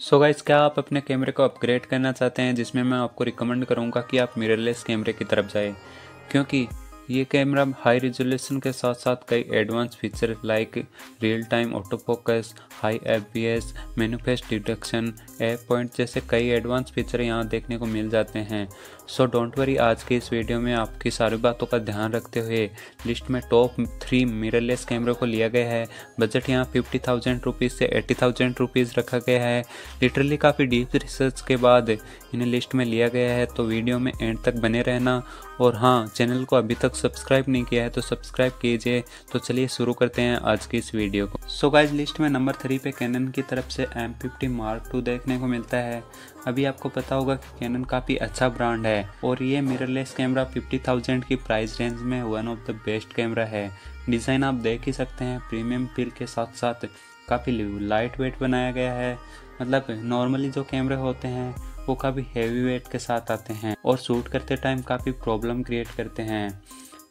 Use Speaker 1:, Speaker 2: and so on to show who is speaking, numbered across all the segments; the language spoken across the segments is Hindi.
Speaker 1: सो so गाइस क्या आप अपने कैमरे को अपग्रेड करना चाहते हैं जिसमें मैं आपको रिकमेंड करूँगा कि आप मिररलेस कैमरे की तरफ जाएं क्योंकि ये कैमरा हाई रिजोल्यूशन के साथ साथ कई advance feature like real time auto focus high F B S manifest detection app point जैसे कई एडवांस फीचर यहाँ देखने को मिल जाते हैं सो डोंट वरी आज के इस वीडियो में आपकी सारी बातों का ध्यान रखते हुए लिस्ट में टॉप थ्री मिररलेस कैमरों को लिया गया है बजट यहाँ फिफ्टी थाउजेंड रुपीज़ से एट्टी थाउजेंड रुपीज़ रखा गया है लिटरली काफ़ी डीप रिसर्च के बाद इन्हें लिस्ट में लिया गया है तो वीडियो में एंड तक बने रहना और हाँ चैनल को अभी तक सब्सक्राइब नहीं किया है तो सब्सक्राइब कीजिए तो चलिए शुरू करते हैं आज की इस वीडियो को सो so गाइज लिस्ट में नंबर थ्री पे कैनन की तरफ से एम फिफ्टी मार्क टू देखने को मिलता है अभी आपको पता होगा कि कैनन काफ़ी अच्छा ब्रांड है और ये मिररलेस कैमरा थाउजेंड की प्राइस रेंज में one of the best camera है डिज़ाइन आप देख ही सकते हैं प्रीमियम फील के साथ साथ काफ़ी लाइट वेट बनाया गया है मतलब नॉर्मली जो कैमरे होते हैं वो काफ़ी हैवी वेट के साथ आते हैं और शूट करते टाइम काफ़ी प्रॉब्लम क्रिएट करते हैं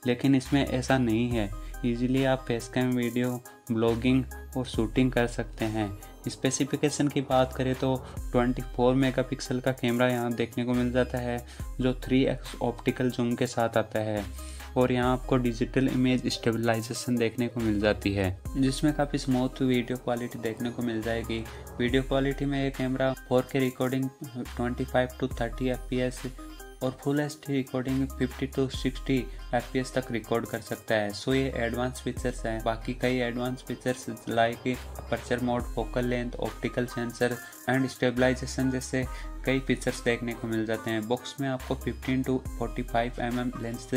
Speaker 1: लेकिन इसमें ऐसा नहीं है ईज़िली आप फेस कैम वीडियो ब्लॉगिंग और शूटिंग कर सकते हैं स्पेसिफिकेशन की बात करें तो 24 पिक्सल का कैमरा यहाँ देखने को मिल जाता है जो 3x ऑप्टिकल जूम के साथ आता है और यहाँ आपको डिजिटल इमेज स्टेबलाइजेशन देखने को मिल जाती है जिसमें काफ़ी स्मूथ वीडियो क्वालिटी देखने को मिल जाएगी वीडियो क्वालिटी में ये camera 4K recording 25 to 30 F और फुल एस रिकॉर्डिंग में 50 टू 60 एफ तक रिकॉर्ड कर सकता है सो ये एडवांस फीचर्स हैं बाकी कई advance features like aperture mode focal length optical sensor and stabilization जैसे कई फीचर्स देखने को मिल जाते हैं बॉक्स में आपको 15 to 45 M mm lens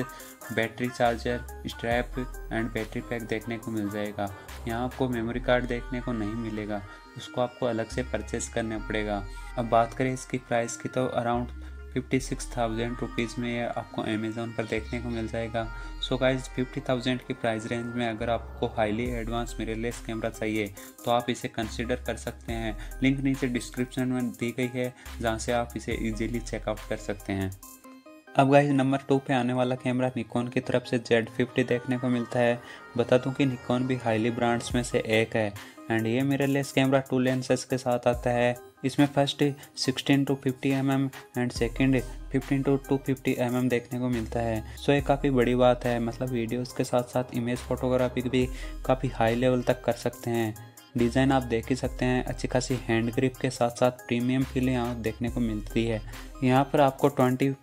Speaker 1: battery charger strap and battery pack देखने को मिल जाएगा यहाँ आपको मेमोरी कार्ड देखने को नहीं मिलेगा उसको आपको अलग से परचेस करना पड़ेगा अब बात करें इसकी प्राइस की तो around fifty six thousand rupees में ये आपको अमेज़ोन पर देखने को मिल जाएगा सो गाइज फिफ्टी थाउजेंड की प्राइस रेंज में अगर आपको हाईली एडवांस मिररलेस कैमरा चाहिए तो आप इसे कंसिडर कर सकते हैं लिंक नीचे डिस्क्रिप्शन में दी गई है जहाँ से आप इसे ईजिली चेकआउट कर सकते हैं अब गाइज नंबर टू पे आने वाला कैमरा निकॉन की तरफ से जेड फिफ्टी देखने को मिलता है बता दूं कि निकॉन भी हाईली ब्रांड्स में से एक है एंड ये mirrorless camera two lenses के साथ आता है इसमें first 16 to 50 M M and second 15 to 250 M mm देखने को मिलता है सो ये काफ़ी बड़ी बात है मतलब वीडियोस के साथ साथ इमेज फोटोग्राफी भी काफ़ी हाई लेवल तक कर सकते हैं डिज़ाइन आप देख ही सकते हैं अच्छी खासी हैंड ग्रिप के साथ साथ प्रीमियम फील यहाँ देखने को मिलती है यहाँ पर आपको 20.9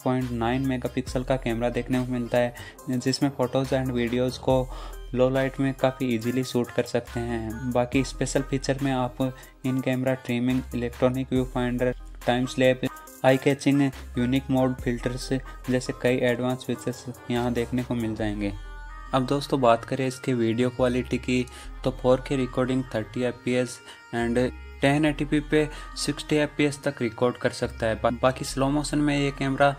Speaker 1: मेगापिक्सल का कैमरा देखने को मिलता है जिसमें फ़ोटोज़ एंड वीडियोज़ को लो लाइट में काफ़ी इजीली शूट कर सकते हैं बाकी स्पेशल फीचर में आप in camera trimming electronic view finder time स्लैप eye catching unique mode filters जैसे कई एडवांस फीचर्स यहाँ देखने को मिल जाएंगे अब दोस्तों बात करें इसकी वीडियो क्वालिटी की तो four K recording thirty F and 1080p पे सिक्सटी एफ तक रिकॉर्ड कर सकता है बा, बाकी स्लो मोशन में ये camera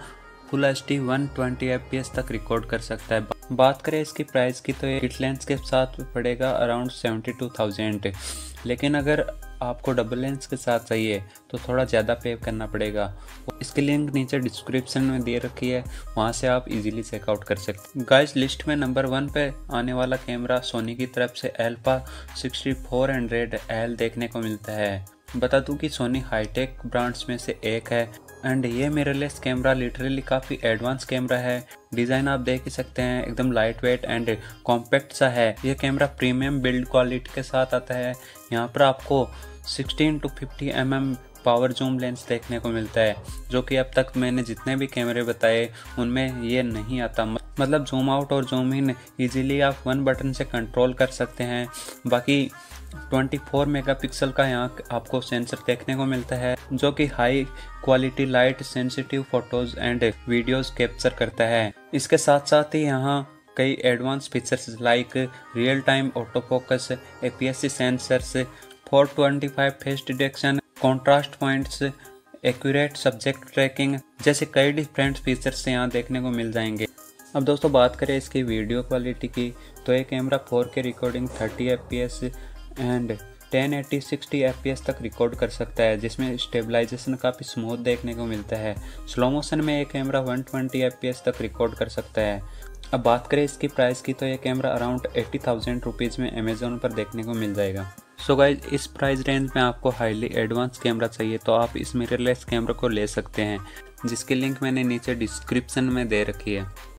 Speaker 1: full H D one तक रिकॉर्ड कर सकता है बात करें इसकी प्राइस की तो ये किट लेंस के साथ पड़ेगा अराउंड सेवेंटी टू थाउजेंड लेकिन अगर आपको डबल लेंस के साथ चाहिए तो थोड़ा ज़्यादा पे करना पड़ेगा इसके लिंक नीचे डिस्क्रिप्शन में दे रखी है वहाँ से आप इजीली चेकआउट कर सकते गाइस लिस्ट में नंबर वन पे आने वाला कैमरा सोनी की तरफ से alpha sixty four hundred L देखने को मिलता है बता दूं कि सोनी हाईटेक ब्रांड्स में से एक है एंड ये मेरे लिए कैमरा लिटरली काफ़ी एडवांस कैमरा है डिज़ाइन आप देख ही सकते हैं एकदम लाइट वेट एंड कॉम्पैक्ट सा है ये कैमरा प्रीमियम बिल्ड क्वालिटी के साथ आता है यहाँ पर आपको 16 to 50 M mm power zoom lens देखने को मिलता है जो कि अब तक मैंने जितने भी कैमरे बताए उनमें ये नहीं आता मतलब जूम आउट और जूम इन इजीली आप वन बटन से कंट्रोल कर सकते हैं बाकी 24 मेगापिक्सल का यहाँ आपको सेंसर देखने को मिलता है जो कि high quality light sensitive photos and videos capture करता है इसके साथ साथ ही यहाँ कई advance features like real time auto focus APSC sensors 425 face detection contrast points accurate subject tracking जैसे कई डिफरेंट फीचर्स यहाँ देखने को मिल जाएंगे अब दोस्तों बात करें इसकी वीडियो क्वालिटी की तो ये camera 4K recording 30 F and 1080 60 fps तक रिकॉर्ड कर सकता है जिसमें स्टेबलाइजेशन काफ़ी स्मूथ देखने को मिलता है स्लो मोशन में ये कैमरा 120 ट्वेंटी तक रिकॉर्ड कर सकता है अब बात करें इसकी प्राइस की तो ये camera around eighty thousand rupees में अमेज़ोन पर देखने को मिल जाएगा सो so गाइज इस प्राइस रेंज में आपको हाईली एडवांस कैमरा चाहिए तो आप इस मिररलेस कैमरा को ले सकते हैं जिसकी लिंक मैंने नीचे डिस्क्रिप्शन में दे रखी है